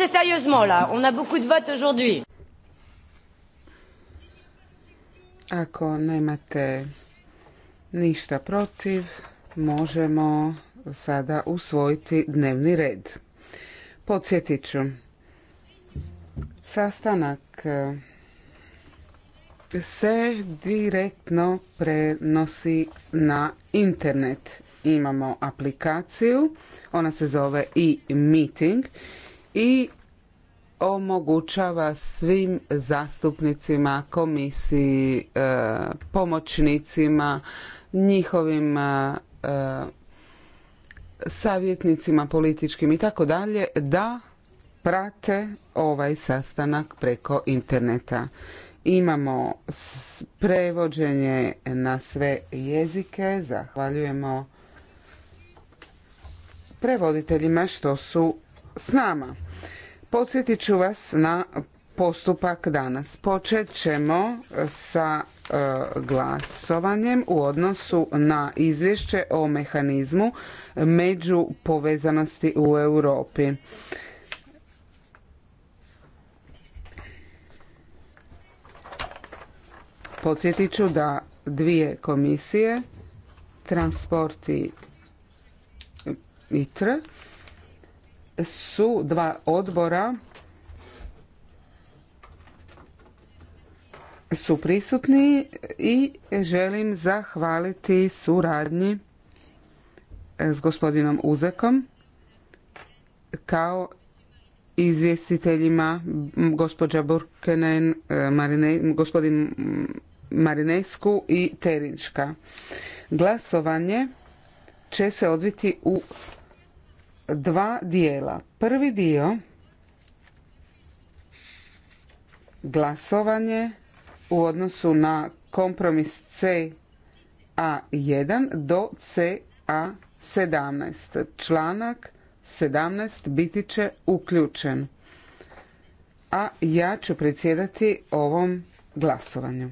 iz sérieusement là. On a beaucoup de votes aujourd'hui. Ako nemate ništa protiv, možemo sada usvojiti dnevni red. Podsjetit ću. Sastanak eh, se direktno prenosi na internet. Imamo aplikaciju, ona se zove i meeting i omogućava svim zastupnicima, komisiji, e, pomoćnicima, njihovim e, savjetnicima političkim i tako dalje da prate ovaj sastanak preko interneta. Imamo prevođenje na sve jezike. Zahvaljujemo prevoditeljima što su s nama. Podsjetit ću vas na postupak danas. Počet ćemo sa e, glasovanjem u odnosu na izvješće o mehanizmu među povezanosti u Europi. Podsjetit ću da dvije komisije, transport i ITR, su dva odbora su prisutni i želim zahvaliti suradnji e, s gospodinom Uzekom kao izvjestiteljima gospođa Burkenen, e, Marine, gospodin Marinesku i Terinčka. Glasovanje će se odviti u dva dijela. Prvi dio glasovanje u odnosu na kompromis C a 1 do CA17. Članak 17 biti će uključen. A ja ću predsjedati ovom glasovanju.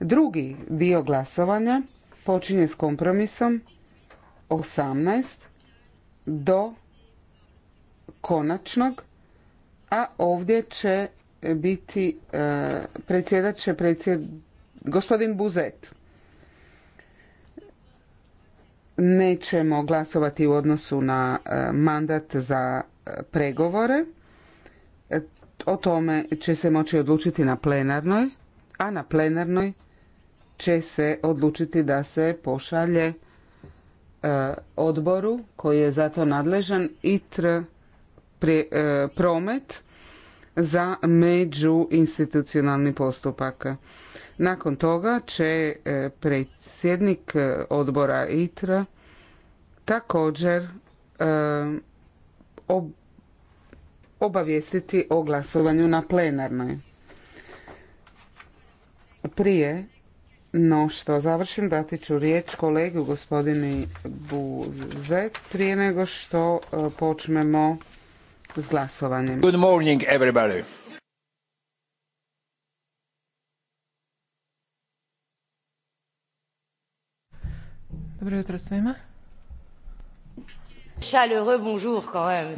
Drugi dio glasovanja počinje s kompromisom 18 do konačnog, a ovdje će biti e, predsjedat će predsjed, gospodin Buzet. Nećemo glasovati u odnosu na e, mandat za e, pregovore. O tome će se moći odlučiti na plenarnoj, a na plenarnoj će se odlučiti da se pošalje E, odboru koji je za to nadležan ITR e, promet za međuinstitucionalni postupak. Nakon toga će e, predsjednik odbora ITR također obavijestiti o glasovanju na plenarnoj. Prije no što završim, dati ću riječ kolegu gospodini Buze, prije nego što e, počnemo s glasovanjem. Good morning everybody. Dobro jutro svima. Chaleureux bonjour quand même.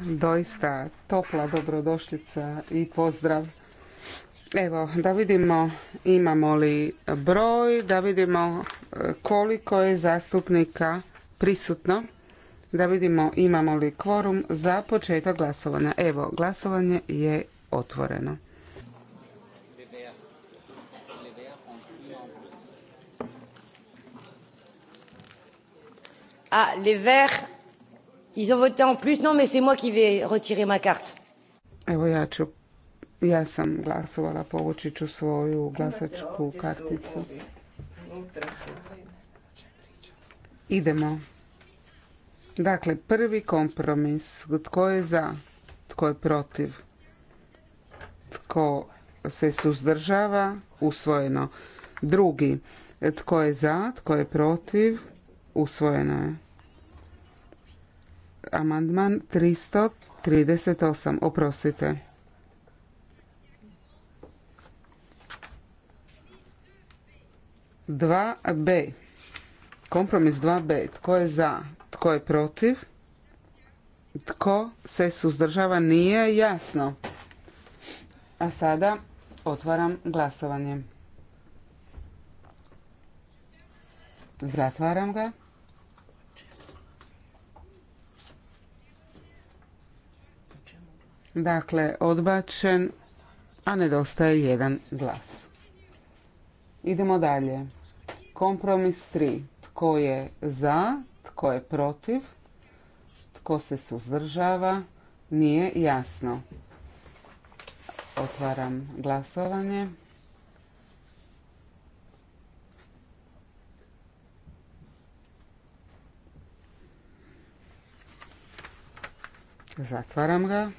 Doista topla dobrodošlica i pozdrav. Evo, da vidimo imamo li broj, da vidimo e, koliko je zastupnika prisutno, da vidimo imamo li kvorum za početak glasovanja. Evo, glasovanje je otvoreno. Ah, les verts, ils ont en plus. Non, mais c'est moi qui vais retirer ma carte. Evo ja ću ja sam glasovala, povući ću svoju glasačku karticu. Idemo. Dakle, prvi kompromis. Tko je za? Tko je protiv? Tko se suzdržava? Usvojeno. Drugi. Tko je za? Tko je protiv? Usvojeno je. Amandman 338. Oprostite. 2b. Kompromis 2b. Tko je za? Tko je protiv? Tko se suzdržava? Nije jasno. A sada otvaram glasovanje. Zatvaram ga. Dakle, odbačen, a nedostaje jedan glas. Idemo dalje. Kompromis 3. Tko je za, tko je protiv, tko se suzdržava, nije jasno. Otvaram glasovanje. Zatvaram ga.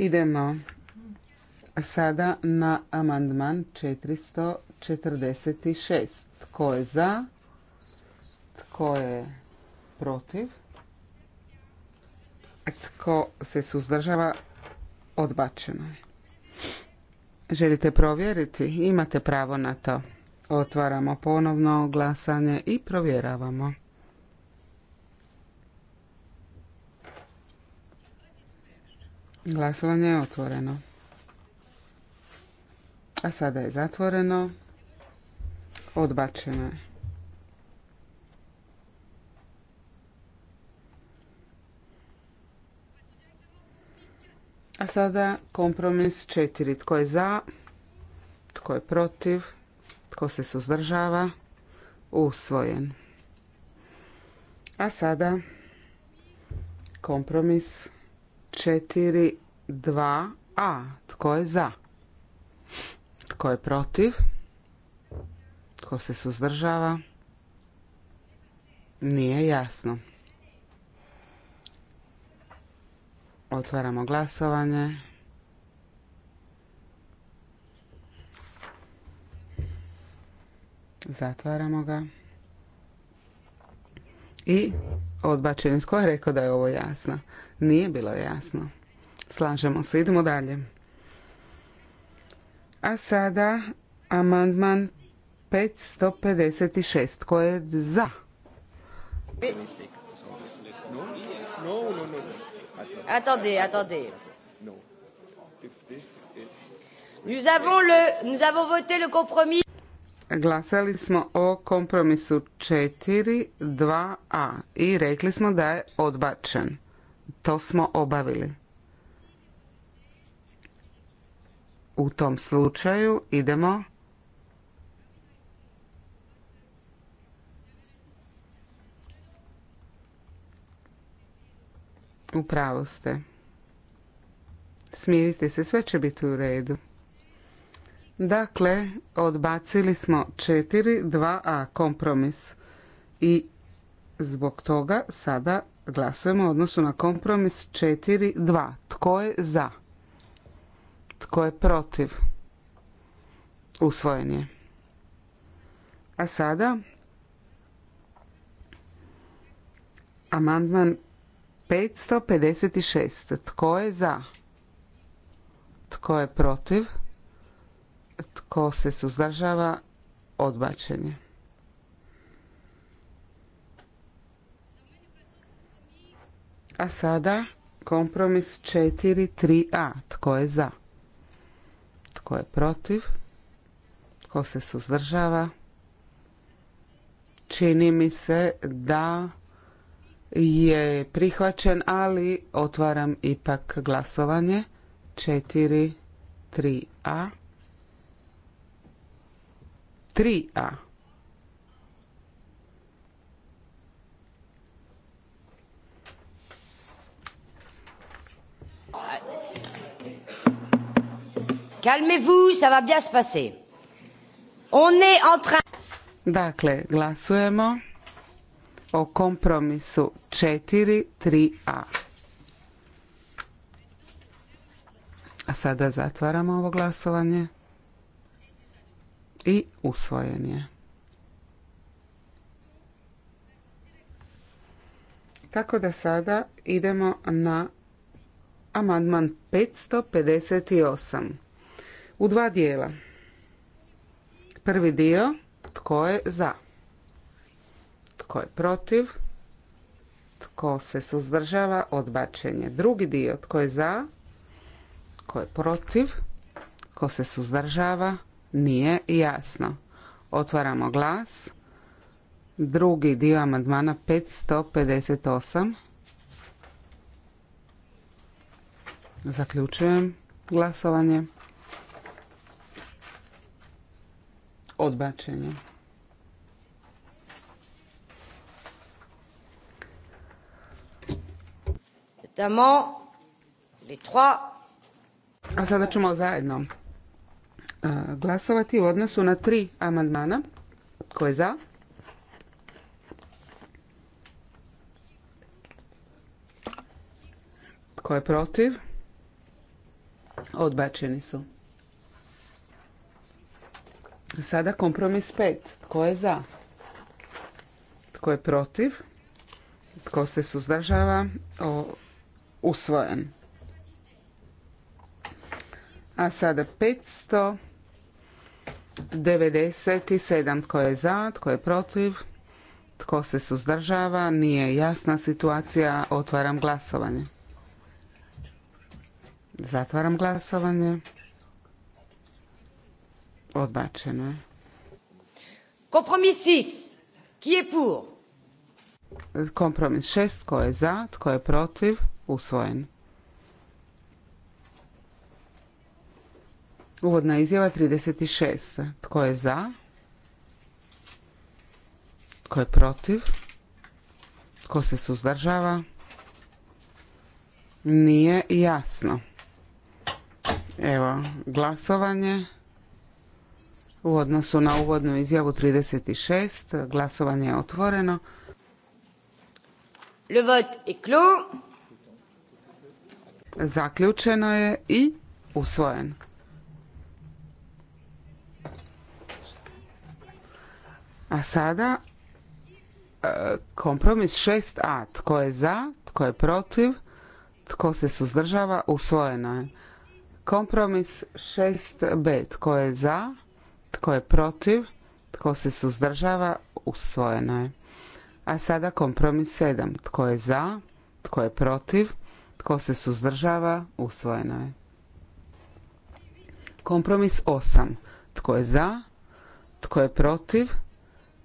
Idemo sada na amandman 446. Tko je za? Tko je protiv? Tko se suzdržava? Odbačeno je. Želite provjeriti? Imate pravo na to. Otvaramo ponovno glasanje i provjeravamo. Glasovanje je otvoreno. A sada je zatvoreno. Odbačeno je. A sada kompromis četiri. Tko je za? Tko je protiv? Tko se suzdržava? Usvojen. A sada kompromis 2, a Tko je za? Tko je protiv? Tko se suzdržava? Nije jasno. Otvaramo glasovanje. Zatvaramo ga. I odbačen Tko je rekao da je ovo jasno? Nije bilo jasno. Slažemo se, idemo dalje. A sada amandman 556. koje je za? Attendez, attendez. Nous avons, le, nous avons voté le compromis. Glasali smo o kompromisu 4.2a i rekli smo da je odbačen to smo obavili. U tom slučaju idemo U pravu ste. Smirite se, sve će biti u redu. Dakle, odbacili smo 4, 2a kompromis i zbog toga sada Glasujemo u odnosu na kompromis 4.2. Tko je za? Tko je protiv? Usvojen je. A sada amandman 556. Tko je za? Tko je protiv? Tko se suzdržava? Odbačen je. A sada kompromis 4.3a. Tko je za? Tko je protiv? Tko se suzdržava? Čini mi se da je prihvaćen, ali otvaram ipak glasovanje. 3 a 3a. Calmez-vous, ça va bien se passer. On est en train... Dakle, glasujemo o kompromisu 4.3a. A sada zatvaramo ovo glasovanje i usvojen je. Tako da sada idemo na amandman 558 u dva dijela. Prvi dio, tko je za? Tko je protiv? Tko se suzdržava? Odbačenje. Drugi dio, tko je za? Tko je protiv? Tko se suzdržava? Nije jasno. Otvaramo glas. Drugi dio amandmana 558. Zaključujem glasovanje. Odbačenje. A sada ćemo zajedno e, glasovati u odnosu na tri amandmana. Tko je za? Tko je protiv? Odbačeni su. Sada kompromis pet. Tko je za? Tko je protiv? Tko se suzdržava? O, usvojen. A sada 597. Tko je za? Tko je protiv? Tko se suzdržava? Nije jasna situacija. Otvaram glasovanje. Zatvaram glasovanje. Odbačeno je. Kompromis 6. Ki je pour? Kompromis šest. Tko je za? Tko je protiv? Usvojen. Uvodna izjava 36. Tko je za? Tko je protiv? Tko se suzdržava? Nije jasno. Evo, glasovanje u odnosu na uvodnu izjavu 36. Glasovanje je otvoreno. Le vote est clos. Zaključeno je i usvojen. A sada e, kompromis 6a. Tko je za, tko je protiv, tko se suzdržava, usvojeno je. Kompromis 6b. Tko je za, tko je protiv? Tko se suzdržava? Usvojeno je. A sada kompromis 7. Tko je za? Tko je protiv? Tko se suzdržava? Usvojeno je. Kompromis 8. Tko je za? Tko je protiv?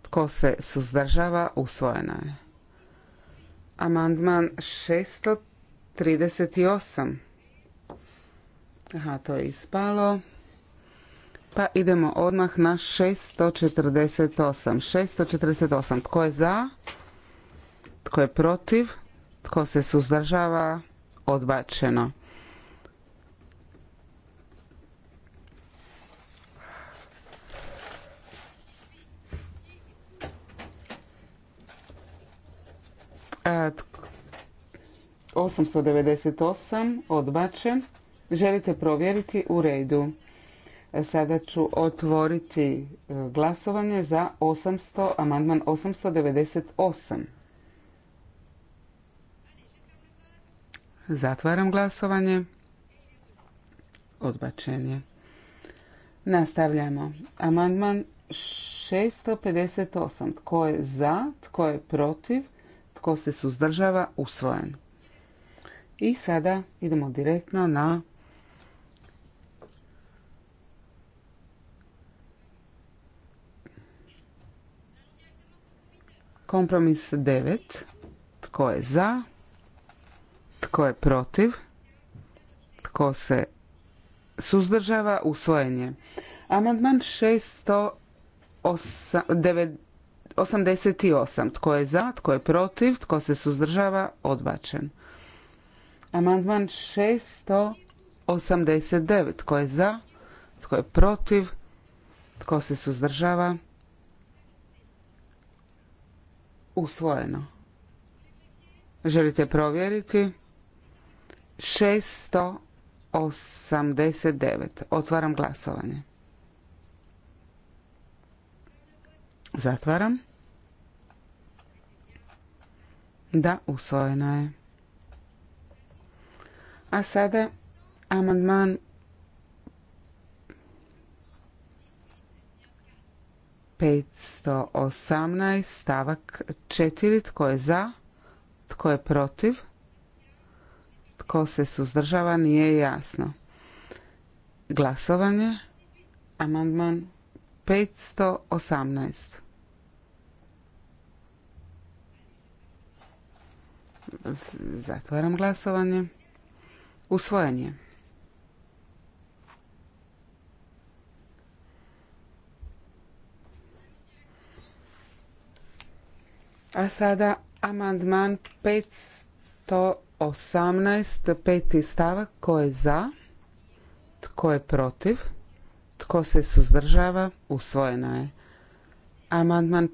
Tko se suzdržava? Usvojeno je. Amandman 638. Aha, to je ispalo. Pa idemo odmah na 648. 648. Tko je za? Tko je protiv? Tko se suzdržava? Odbačeno. 898 e, odbačen. Želite provjeriti u redu. Sada ću otvoriti e, glasovanje za 800, amandman 898. Zatvaram glasovanje. Odbačen je. Nastavljamo. Amandman 658. Tko je za, tko je protiv, tko se suzdržava, usvojen. I sada idemo direktno na Kompromis 9. Tko je za? Tko je protiv? Tko se suzdržava? Usvojen je. Amandman 688. Tko je za? Tko je protiv? Tko se suzdržava? Odbačen. Amandman 689. Tko je za? Tko je protiv? Tko se suzdržava? usvojeno. Želite provjeriti? 689. Otvaram glasovanje. Zatvaram. Da, usvojeno je. A sada amandman 518 stavak 4. Tko je za? Tko je protiv? Tko se suzdržava? Nije jasno. Glasovanje. Amandman 518. Zatvaram glasovanje. Usvojen je. A sada amandman 518, peti stavak. tko je za? Tko je protiv? Tko se suzdržava? Usvojena je. Amandman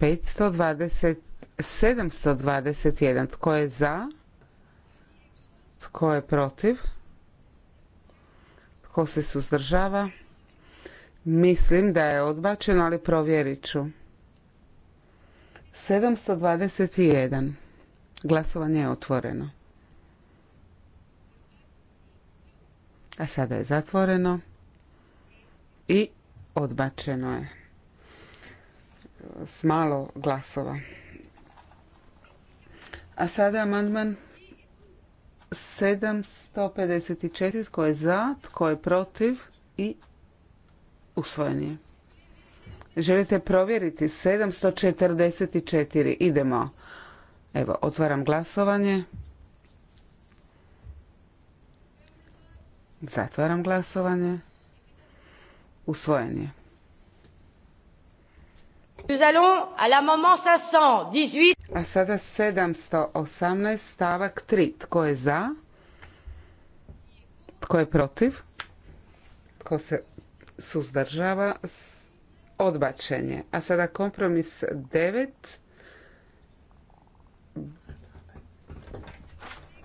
520, 721. Tko je za? Tko je protiv? Tko se suzdržava? Mislim da je odbačeno, ali provjerit ću. 721. Glasovanje je otvoreno. A sada je zatvoreno i odbačeno je s malo glasova. A sada amandman 754. Tko je za, tko je protiv i usvojen je. Želite provjeriti 744. Idemo. Evo, otvaram glasovanje. Zatvaram glasovanje. Usvojen je. Nous allons à 518. A sada 718 stavak 3. Tko je za? Tko je protiv? Tko se suzdržava? odbačen A sada kompromis 9.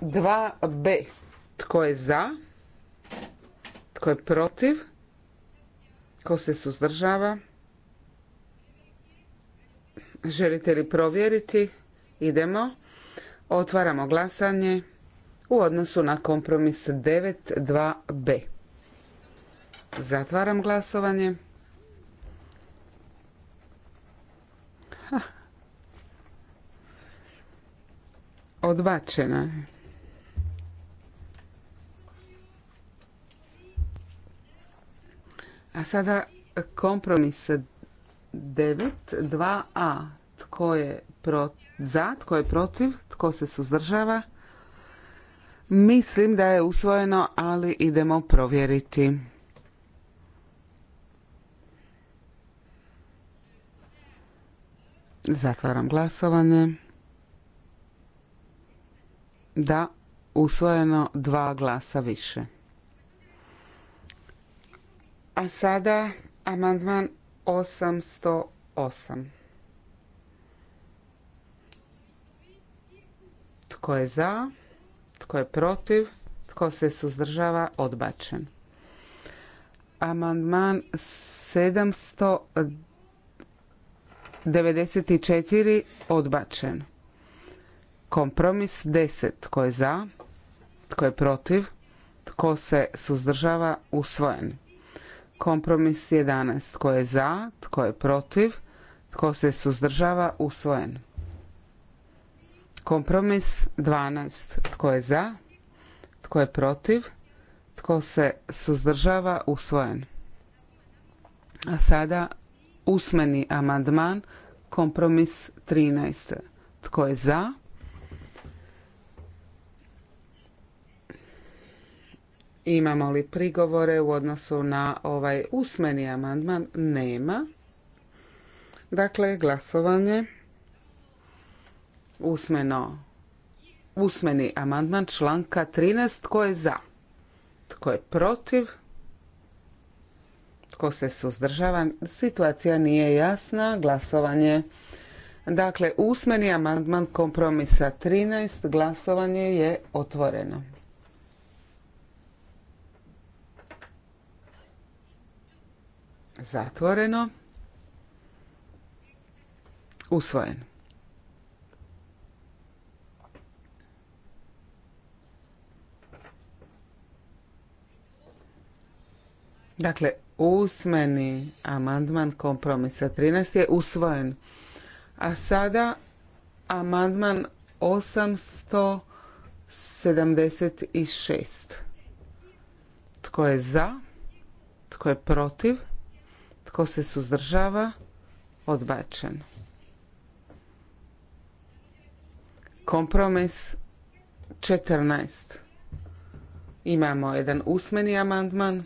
2 B. Tko je za? Tko je protiv? Tko se suzdržava? Želite li provjeriti? Idemo. Otvaramo glasanje u odnosu na kompromis 2 b Zatvaram glasovanje. Odbačena je. A sada kompromis 9.2a. Tko je za, tko je protiv, tko se suzdržava? Mislim da je usvojeno, ali idemo provjeriti. Zatvaram glasovanje. Da, usvojeno dva glasa više. A sada amandman 808. Tko je za? Tko je protiv? Tko se suzdržava? Odbačen. Amandman 709. 94 odbačen. Kompromis 10. Tko je za? Tko je protiv? Tko se suzdržava? Usvojen. Kompromis 11. Tko je za? Tko je protiv? Tko se suzdržava? Usvojen. Kompromis 12. Tko je za? Tko je protiv? Tko se suzdržava? Usvojen. A sada usmeni amandman, kompromis 13. Tko je za? Imamo li prigovore u odnosu na ovaj usmeni amandman? Nema. Dakle, glasovanje usmeno usmeni amandman članka 13. Tko je za? Tko je protiv? Tko se suzdržava? Situacija nije jasna. Glasovanje. Dakle, usmeni amandman kompromisa 13. Glasovanje je otvoreno. Zatvoreno. Usvojeno. Dakle, Usmeni amandman kompromisa 13 je usvojen. A sada amandman 876. Tko je za? Tko je protiv? Tko se suzdržava? Odbačen. Kompromis 14. Imamo jedan usmeni amandman.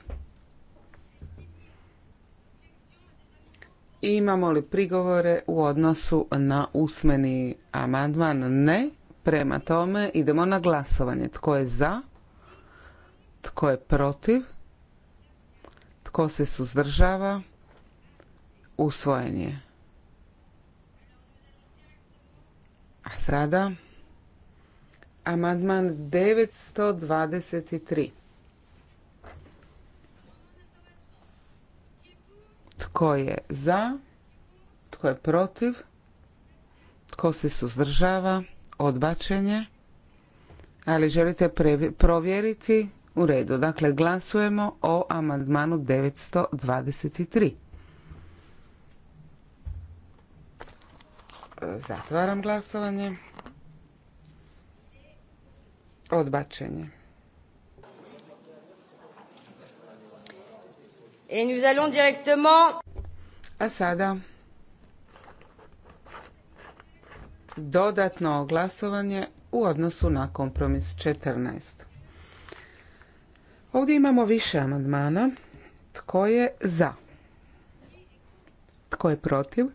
Imamo li prigovore u odnosu na usmeni amandman? Ne. Prema tome idemo na glasovanje. Tko je za? Tko je protiv? Tko se suzdržava? Usvojen je. A sada amandman 923. Tko je za? Tko je protiv? Tko se suzdržava? Odbačenje. Ali želite provjeriti? U redu. Dakle, glasujemo o amandmanu 923. Zatvaram glasovanje. Odbačenje. Et nous allons directement... A sada dodatno glasovanje u odnosu na kompromis 14. Ovdje imamo više amandmana. Tko je za? Tko je protiv?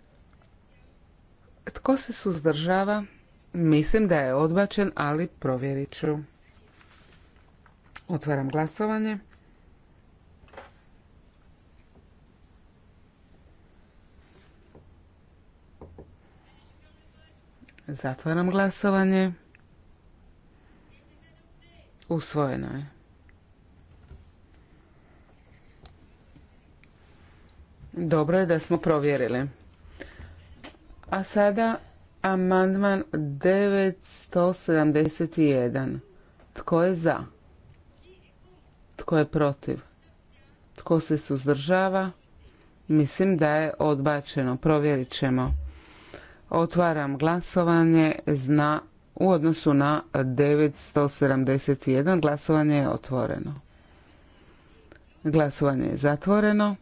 Tko se suzdržava? Mislim da je odbačen, ali provjerit ću. Otvaram glasovanje. Zatvaram glasovanje. Usvojeno je. Dobro je da smo provjerili. A sada amandman 971. Tko je za? Tko je protiv? Tko se suzdržava? Mislim da je odbačeno. Provjerit ćemo. Otvaram glasovanje zna u odnosu na 971. Glasovanje je otvoreno. Glasovanje je zatvoreno.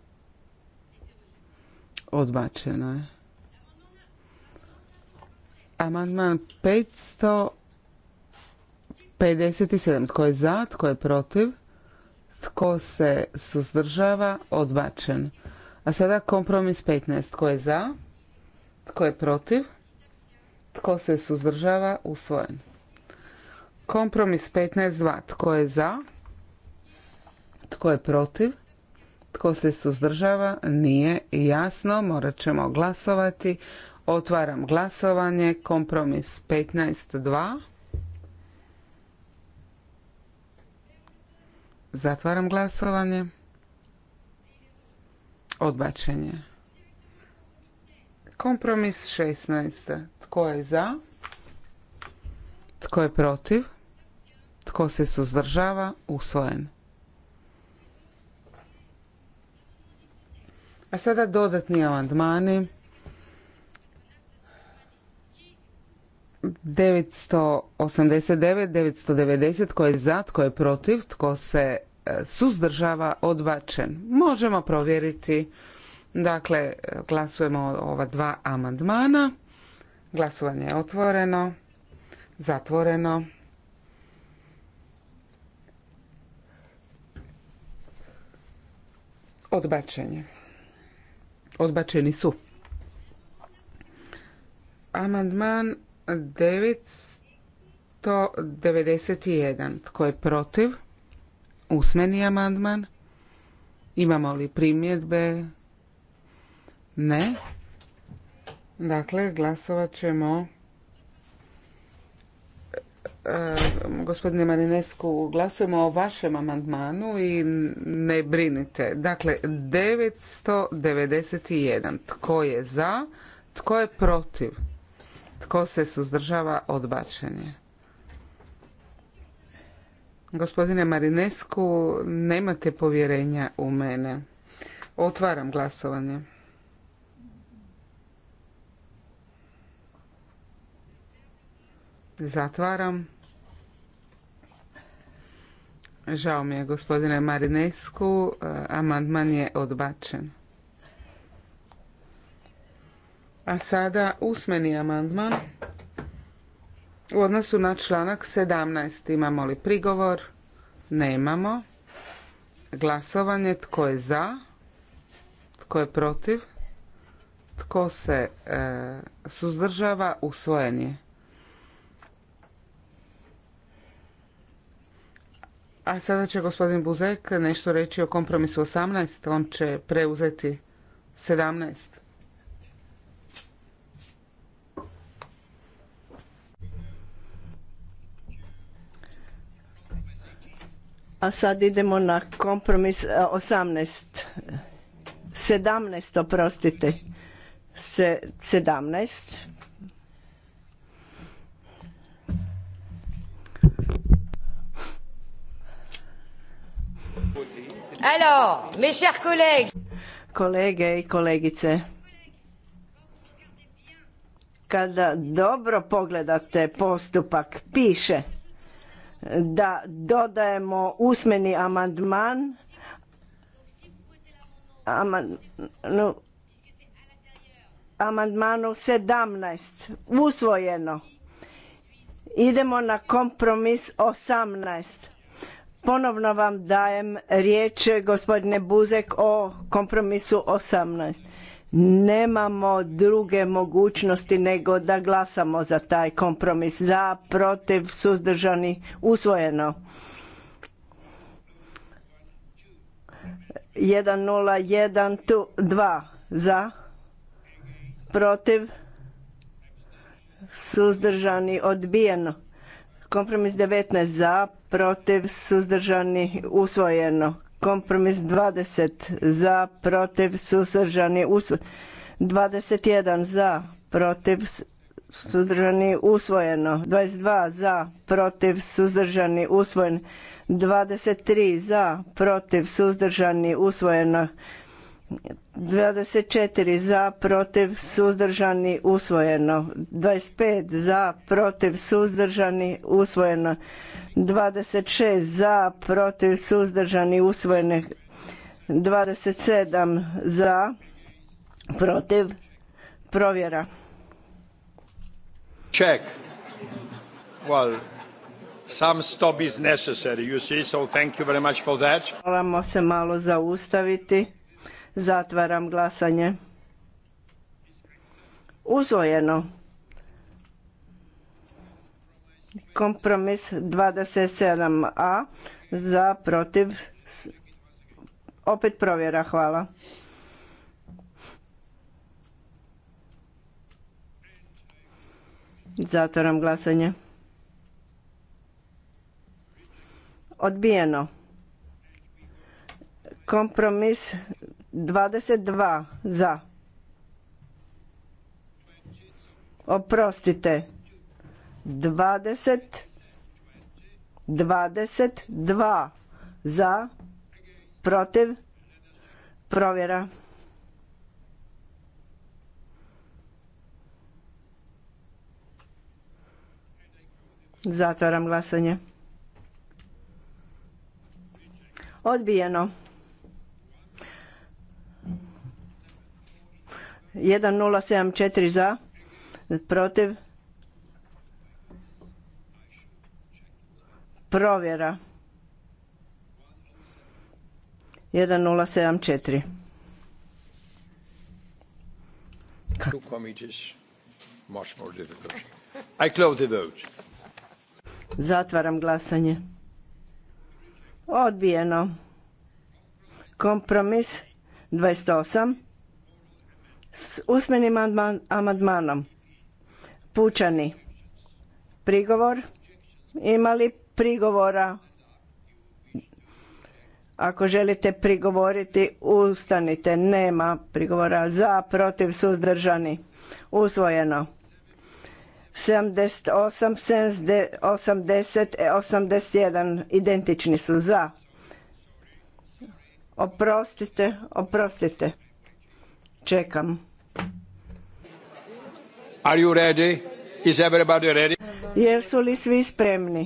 Odbačeno je. Amandman 557. Tko je za, tko je protiv, tko se suzdržava, odbačen. A sada kompromis 15. Tko je za, tko je protiv? Tko se suzdržava? Usvojen. Kompromis 15.2. Tko je za? Tko je protiv? Tko se suzdržava? Nije jasno. Morat ćemo glasovati. Otvaram glasovanje. Kompromis 15.2. Zatvaram glasovanje. Odbačenje. Kompromis 16. Tko je za? Tko je protiv? Tko se suzdržava? Usvojen. A sada dodatni amandmani. 989, 990, tko je za, tko je protiv, tko se e, suzdržava, odbačen. Možemo provjeriti Dakle, glasujemo o ova dva amandmana. Glasovanje je otvoreno, zatvoreno. Odbačenje. Odbačeni su. Amandman 991. Tko je protiv? Usmeni amandman. Imamo li primjedbe? Ne. Dakle, glasovat ćemo e, gospodine Marinesku, glasujemo o vašem amandmanu i ne brinite. Dakle, 991. Tko je za? Tko je protiv? Tko se suzdržava odbačenje? Gospodine Marinesku, nemate povjerenja u mene. Otvaram glasovanje. Zatvaram. Žao mi je gospodine Marinesku, e, amandman je odbačen. A sada usmeni amandman u odnosu na članak 17. Imamo li prigovor? Nemamo. Glasovanje tko je za? Tko je protiv? Tko se e, suzdržava? Usvojen je. A sada će gospodin Buzek nešto reći o kompromisu 18. On će preuzeti 17. A sad idemo na kompromis 18. E, 17, oprostite. Se, 17. mes chers collègues. Kolege i kolegice, kada dobro pogledate postupak, piše da dodajemo usmeni amandman amandmanu amandmanu 17 usvojeno idemo na kompromis 18 Ponovno vam dajem riječ, gospodine Buzek, o kompromisu 18. Nemamo druge mogućnosti nego da glasamo za taj kompromis. Za, protiv, suzdržani, usvojeno. dva. za, protiv, suzdržani, odbijeno. Kompromis 19 za, protiv, suzdržani, usvojeno. Kompromis 20 za, protiv, suzdržani, usvojeno. 21 za, protiv, suzdržani, usvojeno. 22 za, protiv, suzdržani, usvojeno. 23 za, protiv, suzdržani, usvojeno. 24 za, protiv, suzdržani, usvojeno. 25 za, protiv, suzdržani, usvojeno. 26 za, protiv, suzdržani, usvojeno. 27 za, protiv, provjera. Check. Well, some stop is necessary, you see, so thank you very much for that. Hvala se malo zaustaviti. Zatvaram glasanje. Uzvojeno. Kompromis 27a za protiv. Opet provjera, hvala. Zatvaram glasanje. Odbijeno. Kompromis 22 za. Oprostite. 20 22 za protiv provjera. Zatvaram glasanje. Odbijeno. 1074 za, protiv, provjera. 1074. Two committees, much more difficult. I close the vote. Zatvaram glasanje. Odbijeno. Kompromis 28 s usmenim amandmanom. Pučani. Prigovor? Imali prigovora? Ako želite prigovoriti, ustanite. Nema prigovora. Za, protiv, suzdržani. Usvojeno. 78, 70, 80, 81 identični su za. Oprostite, oprostite. Čekam. Are you ready? Is everybody ready? Jesu li svi spremni?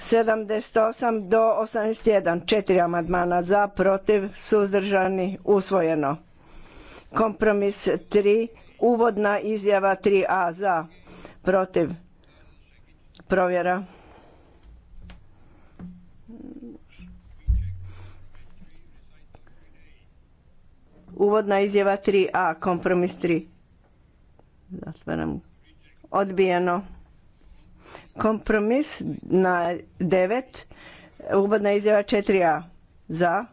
78 do 81, četiri amadmana za, protiv, suzdržani, usvojeno. Kompromis 3, uvodna izjava 3a za, protiv, provjera. Uvodna izjava 3a, kompromis 3. Zatvaram. Odbijeno. Kompromis na 9. Uvodna izjava 4a. Za,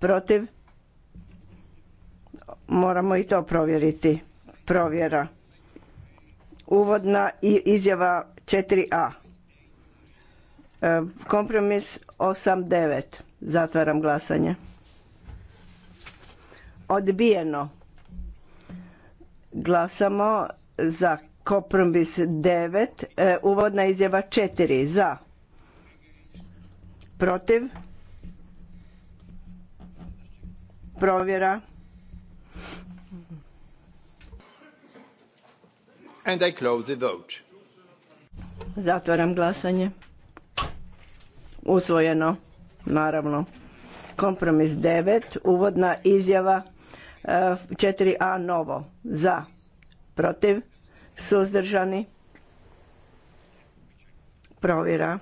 protiv. Moramo i to provjeriti. Provjera. Uvodna izjava 4a. E, kompromis 8. 9. Zatvaram glasanje odbijeno. Glasamo za kompromis 9, e, uvodna izjava 4, za, protiv, provjera. And I close the vote. Zatvaram glasanje. Usvojeno, naravno. Kompromis 9, uvodna izjava 4a novo za protiv suzdržani provjera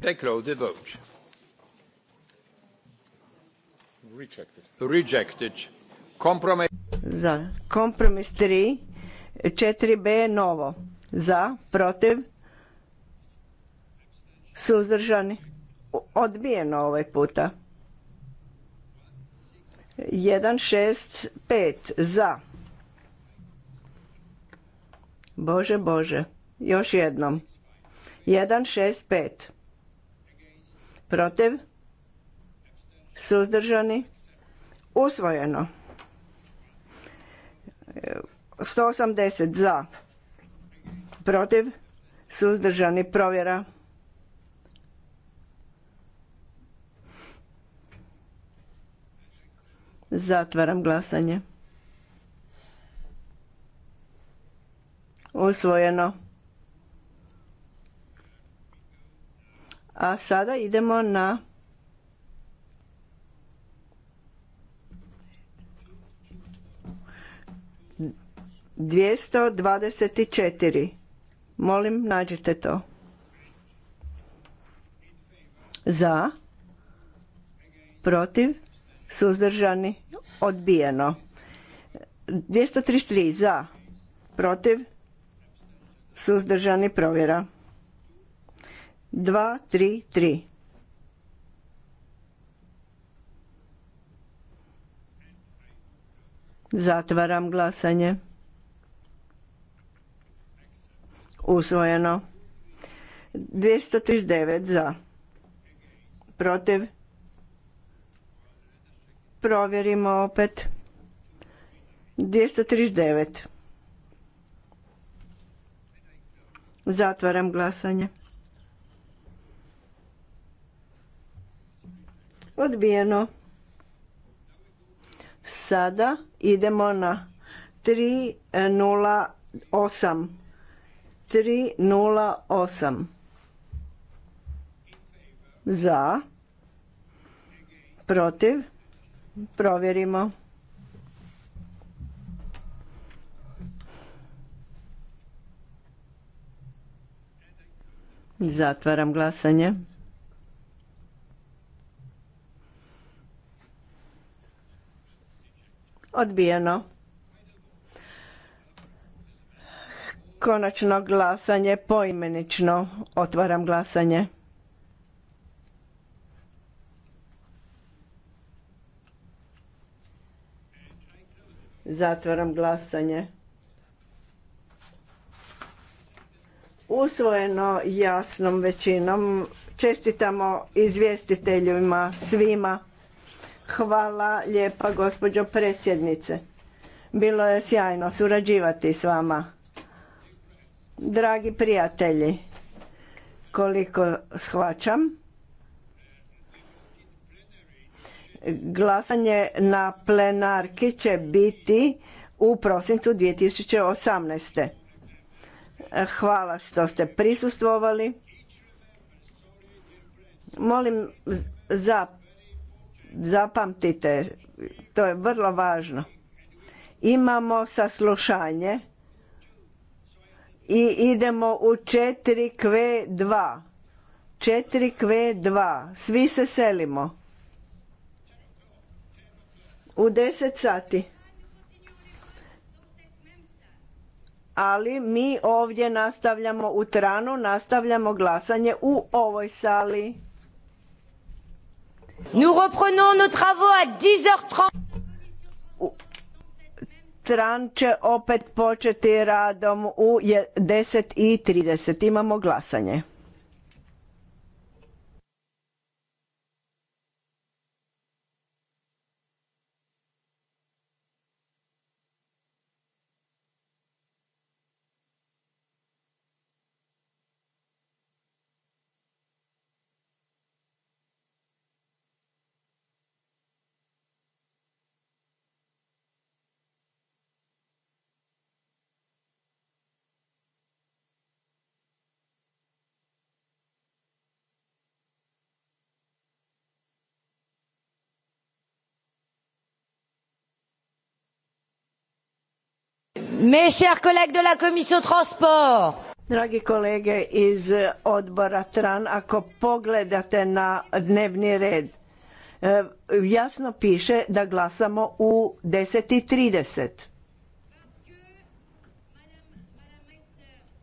Declare vote. Rejected. Za. Kompromis 3. 4b novo. Za. Protiv. Suzdržani odbijeno ovaj puta. 165 za. Bože, Bože. Još jednom. 165. Protiv. Suzdržani. Usvojeno. 180 za. Protiv. Suzdržani. Provjera. Zatvaram glasanje. Usvojeno. A sada idemo na dvjesto dvadeset četiri molim nađite to za protiv suzdržani, odbijeno. 233 za, protiv, suzdržani, provjera. 233. Zatvaram glasanje. Usvojeno. 239 za. Protiv. Provjerimo opet. 239. Zatvaram glasanje. Odbijeno. Sada idemo na 308. 308. Za. Protiv. Provjerimo. Zatvaram glasanje. Odbijeno. Konačno glasanje poimenično. Otvaram glasanje. Zatvaram glasanje. Usvojeno jasnom većinom. Čestitamo izvjestiteljima svima. Hvala lijepa gospođo predsjednice. Bilo je sjajno surađivati s vama. Dragi prijatelji, koliko shvaćam, Glasanje na plenarki će biti u prosincu 2018. Hvala što ste prisustvovali. Molim za zapamtite, to je vrlo važno. Imamo saslušanje i idemo u 4Q2. 4Q2. Svi se selimo u 10 sati. Ali mi ovdje nastavljamo u tranu, nastavljamo glasanje u ovoj sali. Nous reprenons nos travaux à 10h30. Tran će opet početi radom u 10.30. Imamo glasanje. Mes Dragi kolege iz odbora TRAN, ako pogledate na dnevni red, e, jasno piše da glasamo u trideset.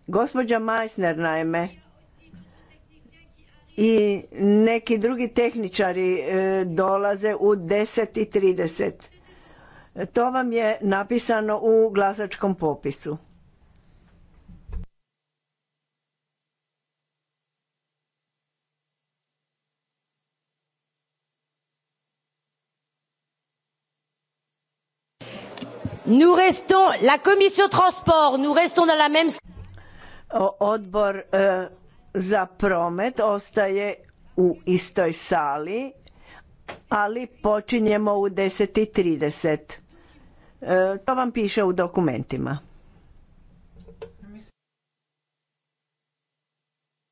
Gospođa Majsner naime i neki drugi tehničari e, dolaze u trideset. To vam je napisano u glasačkom popisu. Nous restons, la commission transport, nous restons dans la même... Odbor e, za promet ostaje u istoj sali, ali počinjemo u 10.30. E, to vam piše u dokumentima.